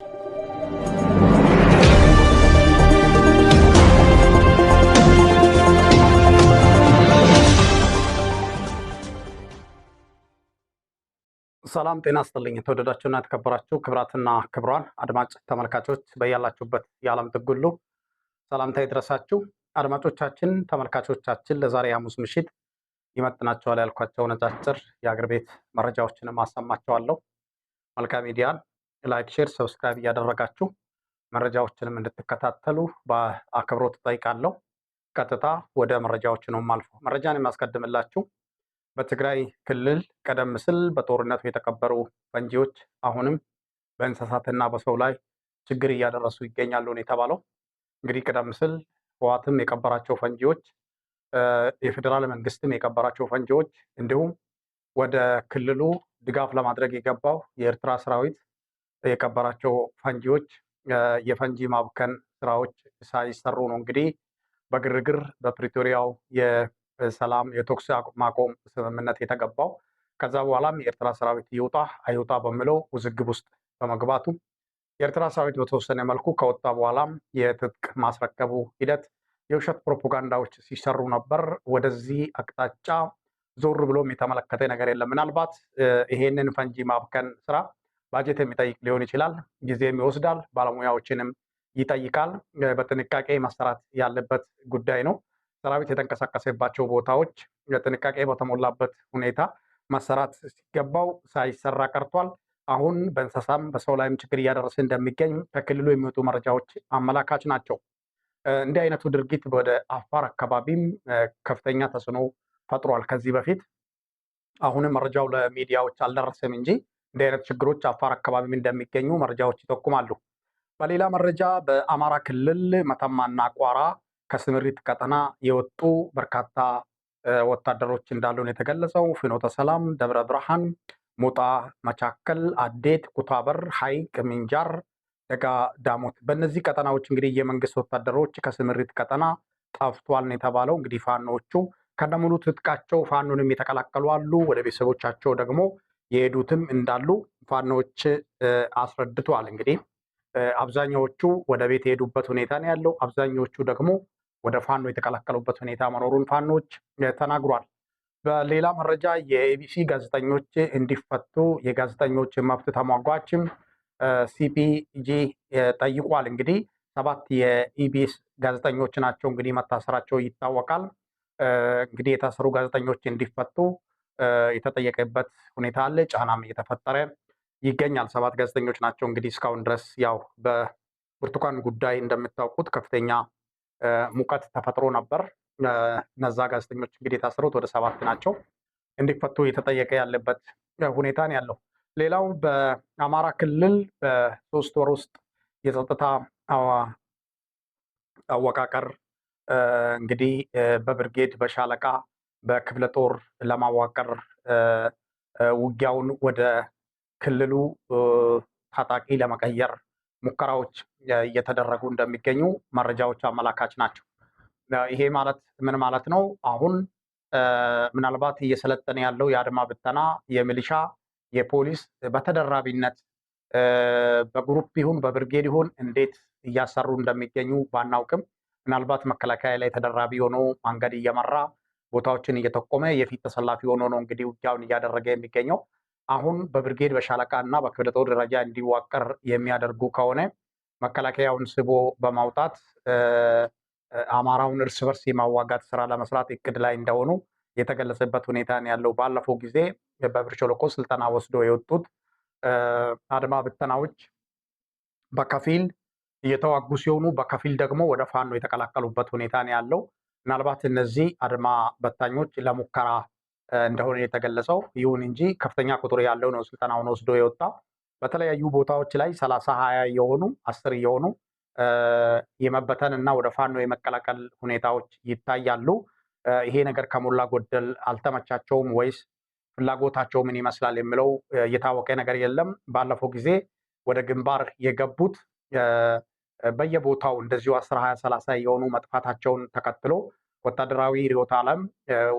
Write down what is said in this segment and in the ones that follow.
ሰላም ጤና ስጥልኝ። የተወደዳችሁና የተከበራችሁ ክብራትና ክብሯን አድማጭ ተመልካቾች በያላችሁበት የዓለም ጥግ ሁሉ ሰላምታ ይድረሳችሁ። አድማጮቻችን፣ ተመልካቾቻችን ለዛሬ ሐሙስ ምሽት ይመጥናቸዋል ያልኳቸው ነጫጭር የአገር ቤት መረጃዎችንም አሰማቸዋለሁ። መልካም ሚዲያን ላይክ፣ ሼር፣ ሰብስክራይብ እያደረጋችሁ መረጃዎችንም እንድትከታተሉ በአክብሮት ጠይቃለሁ። ቀጥታ ወደ መረጃዎች ነው ማልፎ መረጃን የማስቀድምላችሁ በትግራይ ክልል ቀደም ሲል በጦርነቱ የተቀበሩ ፈንጂዎች አሁንም በእንስሳትና በሰው ላይ ችግር እያደረሱ ይገኛሉ ነው የተባለው። እንግዲህ ቀደም ሲል ህወሓትም የቀበራቸው ፈንጂዎች፣ የፌዴራል መንግስትም የቀበራቸው ፈንጂዎች እንዲሁም ወደ ክልሉ ድጋፍ ለማድረግ የገባው የኤርትራ ሰራዊት የቀበራቸው ፈንጂዎች የፈንጂ ማብከን ስራዎች ሳይሰሩ ነው እንግዲህ በግርግር በፕሪቶሪያው የሰላም የተኩስ ማቆም ስምምነት የተገባው። ከዛ በኋላም የኤርትራ ሰራዊት ይውጣ አይውጣ በሚለው ውዝግብ ውስጥ በመግባቱ የኤርትራ ሰራዊት በተወሰነ መልኩ ከወጣ በኋላም የትጥቅ ማስረከቡ ሂደት የውሸት ፕሮፓጋንዳዎች ሲሰሩ ነበር። ወደዚህ አቅጣጫ ዞር ብሎም የተመለከተ ነገር የለም። ምናልባት ይሄንን ፈንጂ ማብከን ስራ ባጀት የሚጠይቅ ሊሆን ይችላል። ጊዜም ይወስዳል። ባለሙያዎችንም ይጠይቃል። በጥንቃቄ መሰራት ያለበት ጉዳይ ነው። ሰራዊት የተንቀሳቀሰባቸው ቦታዎች ጥንቃቄ በተሞላበት ሁኔታ መሰራት ሲገባው ሳይሰራ ቀርቷል። አሁን በእንስሳም በሰው ላይም ችግር እያደረሰ እንደሚገኝ ከክልሉ የሚወጡ መረጃዎች አመላካች ናቸው። እንዲህ አይነቱ ድርጊት ወደ አፋር አካባቢም ከፍተኛ ተጽዕኖ ፈጥሯል። ከዚህ በፊት አሁንም መረጃው ለሚዲያዎች አልደረሰም እንጂ እንዲህ አይነት ችግሮች አፋር አካባቢም እንደሚገኙ መረጃዎች ይጠቁማሉ። በሌላ መረጃ በአማራ ክልል መተማና ቋራ ከስምሪት ቀጠና የወጡ በርካታ ወታደሮች እንዳሉ ነው የተገለጸው። ፍኖተ ሰላም፣ ደብረ ብርሃን፣ ሞጣ መቻከል፣ አዴት፣ ኩታበር፣ ሀይቅ፣ ሚንጃር፣ ደጋ ዳሞት በእነዚህ ቀጠናዎች እንግዲህ የመንግስት ወታደሮች ከስምሪት ቀጠና ጠፍቷል ነው የተባለው። እንግዲህ ፋኖቹ ከነሙሉ ትጥቃቸው ፋኖንም የተቀላቀሉ አሉ። ወደ ቤተሰቦቻቸው ደግሞ የሄዱትም እንዳሉ ፋኖዎች አስረድተዋል። እንግዲህ አብዛኛዎቹ ወደ ቤት የሄዱበት ሁኔታ ነው ያለው። አብዛኛዎቹ ደግሞ ወደ ፋኖ የተቀላቀሉበት ሁኔታ መኖሩን ፋኖች ተናግሯል። በሌላ መረጃ የኤቢሲ ጋዜጠኞች እንዲፈቱ የጋዜጠኞች መብት ተሟጓችም ሲፒጂ ጠይቋል። እንግዲህ ሰባት የኢቢኤስ ጋዜጠኞች ናቸው እንግዲህ መታሰራቸው ይታወቃል። እንግዲህ የታሰሩ ጋዜጠኞች እንዲፈቱ የተጠየቀበት ሁኔታ አለ። ጫናም እየተፈጠረ ይገኛል። ሰባት ጋዜጠኞች ናቸው እንግዲህ እስካሁን ድረስ ያው በብርቱካን ጉዳይ እንደምታውቁት ከፍተኛ ሙቀት ተፈጥሮ ነበር። እነዛ ጋዜጠኞች እንግዲህ የታሰሩት ወደ ሰባት ናቸው። እንዲፈቱ እየተጠየቀ ያለበት ሁኔታ ነው ያለው። ሌላው በአማራ ክልል በሶስት ወር ውስጥ የጸጥታ አወቃቀር እንግዲህ በብርጌድ በሻለቃ በክፍለ ጦር ለማዋቀር ውጊያውን ወደ ክልሉ ታጣቂ ለመቀየር ሙከራዎች እየተደረጉ እንደሚገኙ መረጃዎች አመላካች ናቸው። ይሄ ማለት ምን ማለት ነው? አሁን ምናልባት እየሰለጠነ ያለው የአድማ ብተና፣ የሚሊሻ፣ የፖሊስ በተደራቢነት በግሩፕ ይሁን በብርጌድ ይሁን እንዴት እያሰሩ እንደሚገኙ ባናውቅም ምናልባት መከላከያ ላይ ተደራቢ ሆኖ መንገድ እየመራ ቦታዎችን እየጠቆመ የፊት ተሰላፊ ሆኖ ነው እንግዲህ ውጊያውን እያደረገ የሚገኘው። አሁን በብርጌድ በሻለቃ እና በክፍለ ጦር ደረጃ እንዲዋቀር የሚያደርጉ ከሆነ መከላከያውን ስቦ በማውጣት አማራውን እርስ በርስ የማዋጋት ስራ ለመስራት እቅድ ላይ እንደሆኑ የተገለጸበት ሁኔታ ነው ያለው። ባለፈው ጊዜ በብር ሸለቆ ስልጠና ወስዶ የወጡት አድማ ብተናዎች በከፊል እየተዋጉ ሲሆኑ፣ በከፊል ደግሞ ወደ ፋኖ የተቀላቀሉበት ሁኔታ ነው ያለው። ምናልባት እነዚህ አድማ በታኞች ለሙከራ እንደሆነ የተገለጸው፣ ይሁን እንጂ ከፍተኛ ቁጥር ያለው ነው ስልጠናውን ወስዶ የወጣው። በተለያዩ ቦታዎች ላይ ሰላሳ ሀያ የሆኑ አስር የሆኑ የመበተን እና ወደ ፋኖ የመቀላቀል ሁኔታዎች ይታያሉ። ይሄ ነገር ከሞላ ጎደል አልተመቻቸውም ወይስ ፍላጎታቸው ምን ይመስላል የሚለው የታወቀ ነገር የለም። ባለፈው ጊዜ ወደ ግንባር የገቡት በየቦታው እንደዚሁ አስራ ሀያ ሰላሳ የሆኑ መጥፋታቸውን ተከትሎ ወታደራዊ ርዕዮተ ዓለም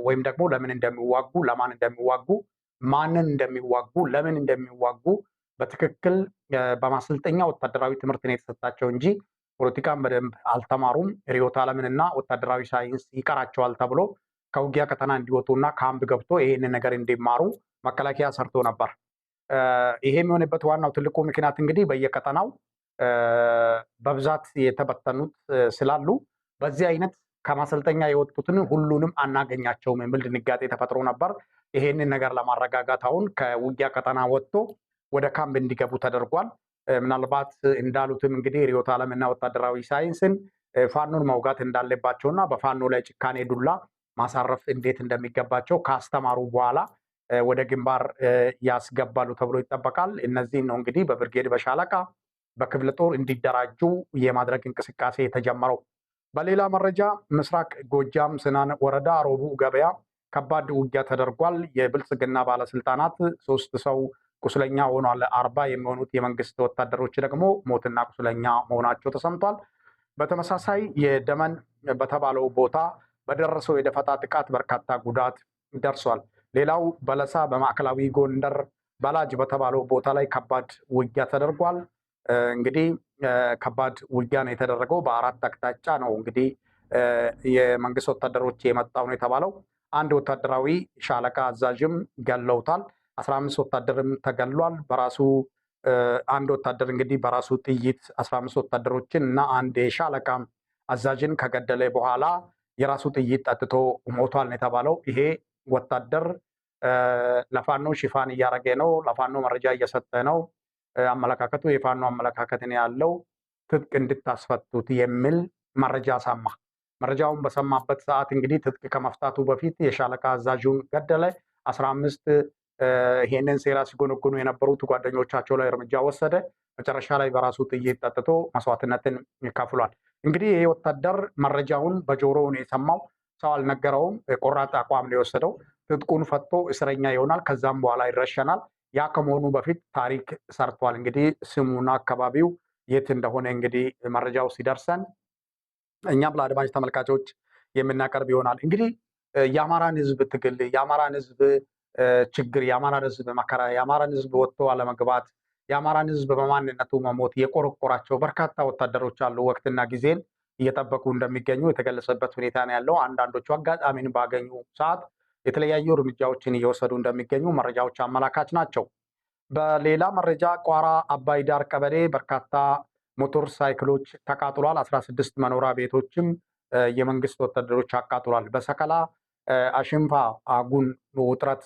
ወይም ደግሞ ለምን እንደሚዋጉ ለማን እንደሚዋጉ ማንን እንደሚዋጉ ለምን እንደሚዋጉ በትክክል በማሰልጠኛ ወታደራዊ ትምህርት ነው የተሰጣቸው እንጂ ፖለቲካን በደንብ አልተማሩም። ርዕዮተ እና ወታደራዊ ሳይንስ ይቀራቸዋል ተብሎ ከውጊያ ቀጠና እና ካምፕ ገብቶ ይህን ነገር እንዲማሩ መከላከያ ሰርቶ ነበር። ይሄ የሚሆንበት ዋናው ትልቁ ምክንያት እንግዲህ በየቀጠናው በብዛት የተበተኑት ስላሉ በዚህ አይነት ከማሰልጠኛ የወጡትን ሁሉንም አናገኛቸውም የሚል ድንጋጤ ተፈጥሮ ነበር። ይሄንን ነገር ለማረጋጋት አሁን ከውጊያ ቀጠና ወጥቶ ወደ ካምፕ እንዲገቡ ተደርጓል። ምናልባት እንዳሉትም እንግዲህ ርዕዮተ እና ወታደራዊ ሳይንስን ፋኖን መውጋት እንዳለባቸውና በፋኖ ላይ ጭካኔ፣ ዱላ ማሳረፍ እንዴት እንደሚገባቸው ካስተማሩ በኋላ ወደ ግንባር ያስገባሉ ተብሎ ይጠበቃል። እነዚህን ነው እንግዲህ በብርጌድ በሻለቃ በክፍለ ጦር እንዲደራጁ የማድረግ እንቅስቃሴ የተጀመረው። በሌላ መረጃ ምስራቅ ጎጃም ስናን ወረዳ ሮቡ ገበያ ከባድ ውጊያ ተደርጓል። የብልጽግና ባለስልጣናት ሶስት ሰው ቁስለኛ ሆኗል። አርባ የሚሆኑት የመንግስት ወታደሮች ደግሞ ሞትና ቁስለኛ መሆናቸው ተሰምቷል። በተመሳሳይ የደመን በተባለው ቦታ በደረሰው የደፈጣ ጥቃት በርካታ ጉዳት ደርሷል። ሌላው በለሳ በማዕከላዊ ጎንደር በላጅ በተባለው ቦታ ላይ ከባድ ውጊያ ተደርጓል። እንግዲህ ከባድ ውጊያ ነው የተደረገው። በአራት አቅጣጫ ነው እንግዲህ የመንግስት ወታደሮች የመጣው ነው የተባለው። አንድ ወታደራዊ ሻለቃ አዛዥም ገለውታል። አስራ አምስት ወታደርም ተገሏል። በራሱ አንድ ወታደር እንግዲህ በራሱ ጥይት አስራ አምስት ወታደሮችን እና አንድ የሻለቃ አዛዥን ከገደለ በኋላ የራሱ ጥይት ጠጥቶ ሞቷል ነው የተባለው። ይሄ ወታደር ለፋኖ ሽፋን እያደረገ ነው፣ ለፋኖ መረጃ እየሰጠ ነው አመለካከቱ የፋኖ አመለካከትን ያለው ትጥቅ እንድታስፈቱት የሚል መረጃ ሰማ። መረጃውን በሰማበት ሰዓት እንግዲህ ትጥቅ ከመፍታቱ በፊት የሻለቃ አዛዡን ገደለ። አስራ አምስት ይሄንን ሴራ ሲጎነጉኑ የነበሩት ጓደኞቻቸው ላይ እርምጃ ወሰደ። መጨረሻ ላይ በራሱ ጥይት ጠጥቶ መስዋዕትነትን ይካፍሏል። እንግዲህ ይህ ወታደር መረጃውን በጆሮ የሰማው። ሰው አልነገረውም። ቆራጥ አቋም ነው የወሰደው። ትጥቁን ፈቶ እስረኛ ይሆናል። ከዛም በኋላ ይረሸናል። ያ ከመሆኑ በፊት ታሪክ ሰርቷል። እንግዲህ ስሙና አካባቢው የት እንደሆነ እንግዲህ መረጃው ሲደርሰን እኛም ለአድማጭ ተመልካቾች የምናቀርብ ይሆናል። እንግዲህ የአማራን ሕዝብ ትግል፣ የአማራን ሕዝብ ችግር፣ የአማራን ሕዝብ መከራ፣ የአማራን ሕዝብ ወጥቶ አለመግባት፣ የአማራን ሕዝብ በማንነቱ መሞት የቆረቆራቸው በርካታ ወታደሮች አሉ። ወቅትና ጊዜን እየጠበቁ እንደሚገኙ የተገለጸበት ሁኔታ ነው ያለው። አንዳንዶቹ አጋጣሚን ባገኙ ሰዓት የተለያዩ እርምጃዎችን እየወሰዱ እንደሚገኙ መረጃዎች አመላካች ናቸው። በሌላ መረጃ ቋራ አባይ ዳር ቀበሌ በርካታ ሞቶር ሳይክሎች ተቃጥሏል። 16 መኖሪያ ቤቶችም የመንግስት ወታደሮች አቃጥሏል። በሰከላ አሽንፋ አጉን ውጥረት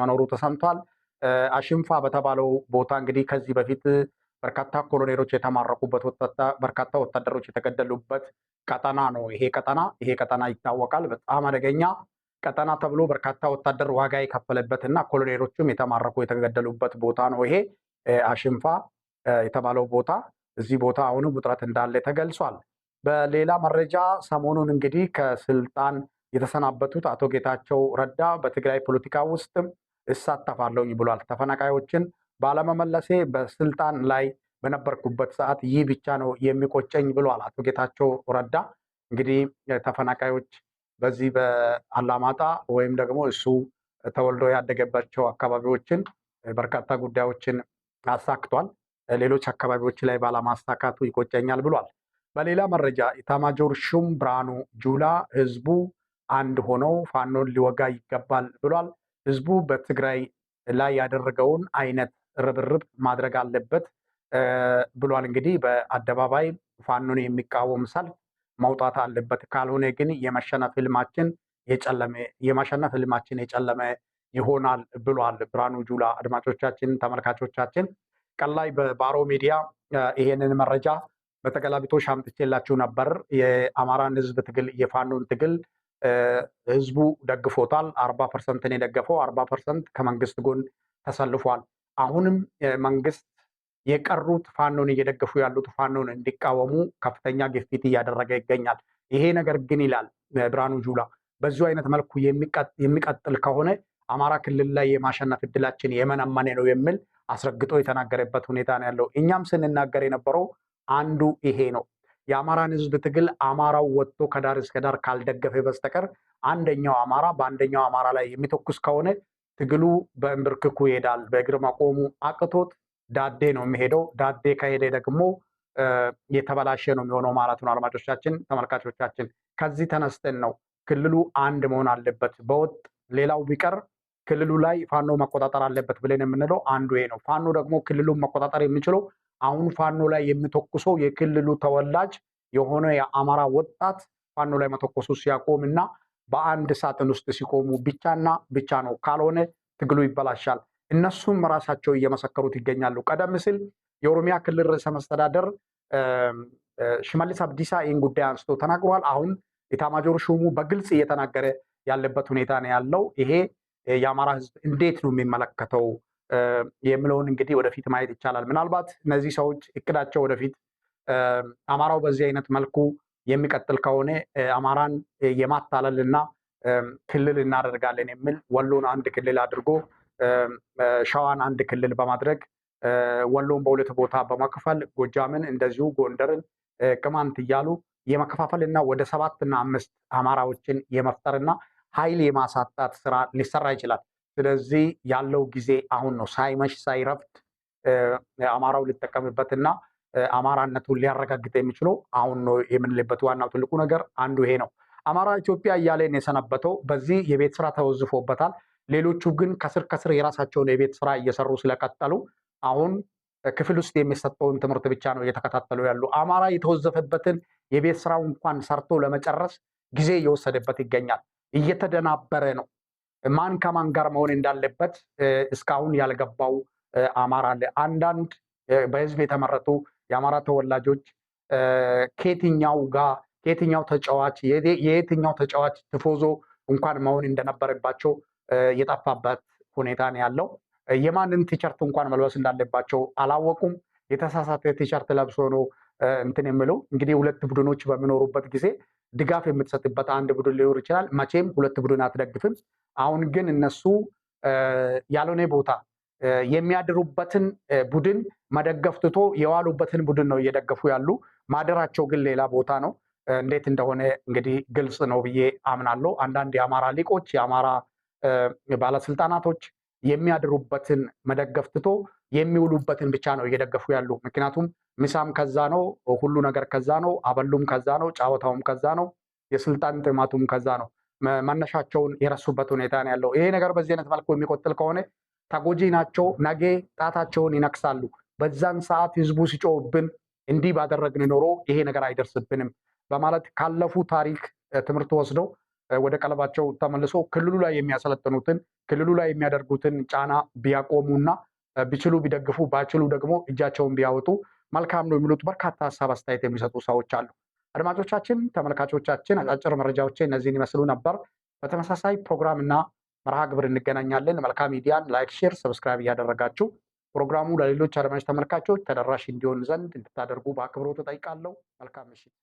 መኖሩ ተሰምቷል። አሽንፋ በተባለው ቦታ እንግዲህ ከዚህ በፊት በርካታ ኮሎኔሎች የተማረኩበት በርካታ ወታደሮች የተገደሉበት ቀጠና ነው። ይሄ ቀጠና ይሄ ቀጠና ይታወቃል። በጣም አደገኛ ቀጠና ተብሎ በርካታ ወታደር ዋጋ የከፈለበት እና ኮሎኔሎቹም የተማረኩ የተገደሉበት ቦታ ነው። ይሄ አሽንፋ የተባለው ቦታ እዚህ ቦታ አሁንም ውጥረት እንዳለ ተገልጿል። በሌላ መረጃ ሰሞኑን እንግዲህ ከስልጣን የተሰናበቱት አቶ ጌታቸው ረዳ በትግራይ ፖለቲካ ውስጥ እሳተፋለሁኝ ብሏል። ተፈናቃዮችን ባለመመለሴ በስልጣን ላይ በነበርኩበት ሰዓት ይህ ብቻ ነው የሚቆጨኝ ብሏል አቶ ጌታቸው ረዳ እንግዲህ ተፈናቃዮች በዚህ በአላማጣ ወይም ደግሞ እሱ ተወልዶ ያደገባቸው አካባቢዎችን በርካታ ጉዳዮችን አሳክቷል። ሌሎች አካባቢዎች ላይ ባለማሳካቱ ይቆጨኛል ብሏል። በሌላ መረጃ ኢታማጆር ሹም ብርሃኑ ጁላ ህዝቡ አንድ ሆኖ ፋኖን ሊወጋ ይገባል ብሏል። ህዝቡ በትግራይ ላይ ያደረገውን አይነት ርብርብ ማድረግ አለበት ብሏል። እንግዲህ በአደባባይ ፋኖን የሚቃወም ሰልፍ መውጣት አለበት። ካልሆነ ግን የመሸነፍ ህልማችን የጨለመ የመሸነፍ ህልማችን የጨለመ ይሆናል ብሏል ብርሃኑ ጁላ። አድማጮቻችን፣ ተመልካቾቻችን ቀን ላይ በባሮ ሚዲያ ይሄንን መረጃ በተገላቢጦሽ አምጥቼላችሁ ነበር። የአማራን ህዝብ ትግል የፋኖን ትግል ህዝቡ ደግፎታል። አርባ ፐርሰንትን የደገፈው አርባ ፐርሰንት ከመንግስት ጎን ተሰልፏል። አሁንም መንግስት የቀሩት ፋኖን እየደገፉ ያሉት ፋኖን እንዲቃወሙ ከፍተኛ ግፊት እያደረገ ይገኛል። ይሄ ነገር ግን ይላል ብርሃኑ ጁላ፣ በዚሁ አይነት መልኩ የሚቀጥል ከሆነ አማራ ክልል ላይ የማሸነፍ እድላችን የመነመኔ ነው የሚል አስረግጦ የተናገረበት ሁኔታ ነው ያለው። እኛም ስንናገር የነበረው አንዱ ይሄ ነው። የአማራን ህዝብ ትግል አማራው ወጥቶ ከዳር እስከ ዳር ካልደገፈ በስተቀር አንደኛው አማራ በአንደኛው አማራ ላይ የሚተኩስ ከሆነ ትግሉ በእምብርክኩ ይሄዳል። በእግር መቆሙ አቅቶት ዳዴ ነው የሚሄደው። ዳዴ ከሄደ ደግሞ የተበላሸ ነው የሚሆነው ማለት ነው። አድማጮቻችን፣ ተመልካቾቻችን ከዚህ ተነስተን ነው ክልሉ አንድ መሆን አለበት። በወጥ ሌላው ቢቀር ክልሉ ላይ ፋኖ መቆጣጠር አለበት ብለን የምንለው አንዱ ይሄ ነው። ፋኖ ደግሞ ክልሉን መቆጣጠር የሚችለው አሁን ፋኖ ላይ የሚተኩሰው የክልሉ ተወላጅ የሆነ የአማራ ወጣት ፋኖ ላይ መተኮሱ ሲያቆም እና በአንድ ሳጥን ውስጥ ሲቆሙ ብቻና ብቻ ነው። ካልሆነ ትግሉ ይበላሻል። እነሱም ራሳቸው እየመሰከሩት ይገኛሉ። ቀደም ሲል የኦሮሚያ ክልል ርዕሰ መስተዳደር ሽመልስ አብዲሳ ይህን ጉዳይ አንስቶ ተናግሯል። አሁን ኢታማጆር ሹሙ በግልጽ እየተናገረ ያለበት ሁኔታ ነው ያለው። ይሄ የአማራ ህዝብ እንዴት ነው የሚመለከተው የሚለውን እንግዲህ ወደፊት ማየት ይቻላል። ምናልባት እነዚህ ሰዎች እቅዳቸው ወደፊት አማራው በዚህ አይነት መልኩ የሚቀጥል ከሆነ አማራን የማታለል እና ክልል እናደርጋለን የሚል ወሎን አንድ ክልል አድርጎ ሸዋን አንድ ክልል በማድረግ ወሎን በሁለት ቦታ በማከፋል ጎጃምን እንደዚሁ ጎንደርን፣ ቅማንት እያሉ የመከፋፈል እና ወደ ሰባትና አምስት አማራዎችን የመፍጠር እና ኃይል የማሳጣት ስራ ሊሰራ ይችላል። ስለዚህ ያለው ጊዜ አሁን ነው። ሳይመሽ ሳይረፍት አማራው ሊጠቀምበትና አማራነቱን ሊያረጋግጥ የሚችለው አሁን ነው የምንልበት ዋናው ትልቁ ነገር አንዱ ይሄ ነው። አማራ ኢትዮጵያ እያለን የሰነበተው በዚህ የቤት ስራ ተወዝፎበታል። ሌሎቹ ግን ከስር ከስር የራሳቸውን የቤት ስራ እየሰሩ ስለቀጠሉ አሁን ክፍል ውስጥ የሚሰጠውን ትምህርት ብቻ ነው እየተከታተሉ ያሉ። አማራ የተወዘፈበትን የቤት ስራው እንኳን ሰርቶ ለመጨረስ ጊዜ እየወሰደበት ይገኛል። እየተደናበረ ነው። ማን ከማን ጋር መሆን እንዳለበት እስካሁን ያልገባው አማራ አለ። አንዳንድ በህዝብ የተመረጡ የአማራ ተወላጆች ከየትኛው ጋር ከየትኛው ተጫዋች የየትኛው ተጫዋች ትፎዞ እንኳን መሆን እንደነበረባቸው የጠፋበት ሁኔታ ነው ያለው። የማንን ቲሸርት እንኳን መልበስ እንዳለባቸው አላወቁም። የተሳሳተ ቲሸርት ለብሶ ነው እንትን የምለው እንግዲህ ሁለት ቡድኖች በሚኖሩበት ጊዜ ድጋፍ የምትሰጥበት አንድ ቡድን ሊኖር ይችላል። መቼም ሁለት ቡድን አትደግፍም። አሁን ግን እነሱ ያልሆነ ቦታ የሚያድሩበትን ቡድን መደገፍ ትቶ የዋሉበትን ቡድን ነው እየደገፉ ያሉ። ማደራቸው ግን ሌላ ቦታ ነው። እንዴት እንደሆነ እንግዲህ ግልጽ ነው ብዬ አምናለሁ። አንዳንድ የአማራ ሊቆች የአማራ ባለስልጣናቶች የሚያድሩበትን መደገፍ ትቶ የሚውሉበትን ብቻ ነው እየደገፉ ያሉ። ምክንያቱም ምሳም ከዛ ነው፣ ሁሉ ነገር ከዛ ነው፣ አበሉም ከዛ ነው፣ ጫወታውም ከዛ ነው፣ የስልጣን ጥማቱም ከዛ ነው። መነሻቸውን የረሱበት ሁኔታ ነው ያለው። ይሄ ነገር በዚህ አይነት መልኩ የሚቆጥል ከሆነ ተጎጂ ናቸው፣ ነገ ጣታቸውን ይነክሳሉ። በዛን ሰዓት ህዝቡ ሲጮውብን እንዲህ ባደረግን ኖሮ ይሄ ነገር አይደርስብንም በማለት ካለፉ ታሪክ ትምህርት ወስደው ወደ ቀለባቸው ተመልሶ ክልሉ ላይ የሚያሰለጥኑትን ክልሉ ላይ የሚያደርጉትን ጫና ቢያቆሙና ቢችሉ ቢደግፉ ባይችሉ ደግሞ እጃቸውን ቢያወጡ መልካም ነው የሚሉት በርካታ ሀሳብ አስተያየት የሚሰጡ ሰዎች አሉ። አድማጮቻችን፣ ተመልካቾቻችን አጫጭር መረጃዎች እነዚህን ይመስሉ ነበር። በተመሳሳይ ፕሮግራም እና መርሃ ግብር እንገናኛለን። መልካም ሚዲያን ላይክ፣ ሼር፣ ሰብስክራይብ እያደረጋችሁ ፕሮግራሙ ለሌሎች አድማጭ ተመልካቾች ተደራሽ እንዲሆን ዘንድ እንድታደርጉ በአክብሮት እጠይቃለሁ። መልካም ምሽት።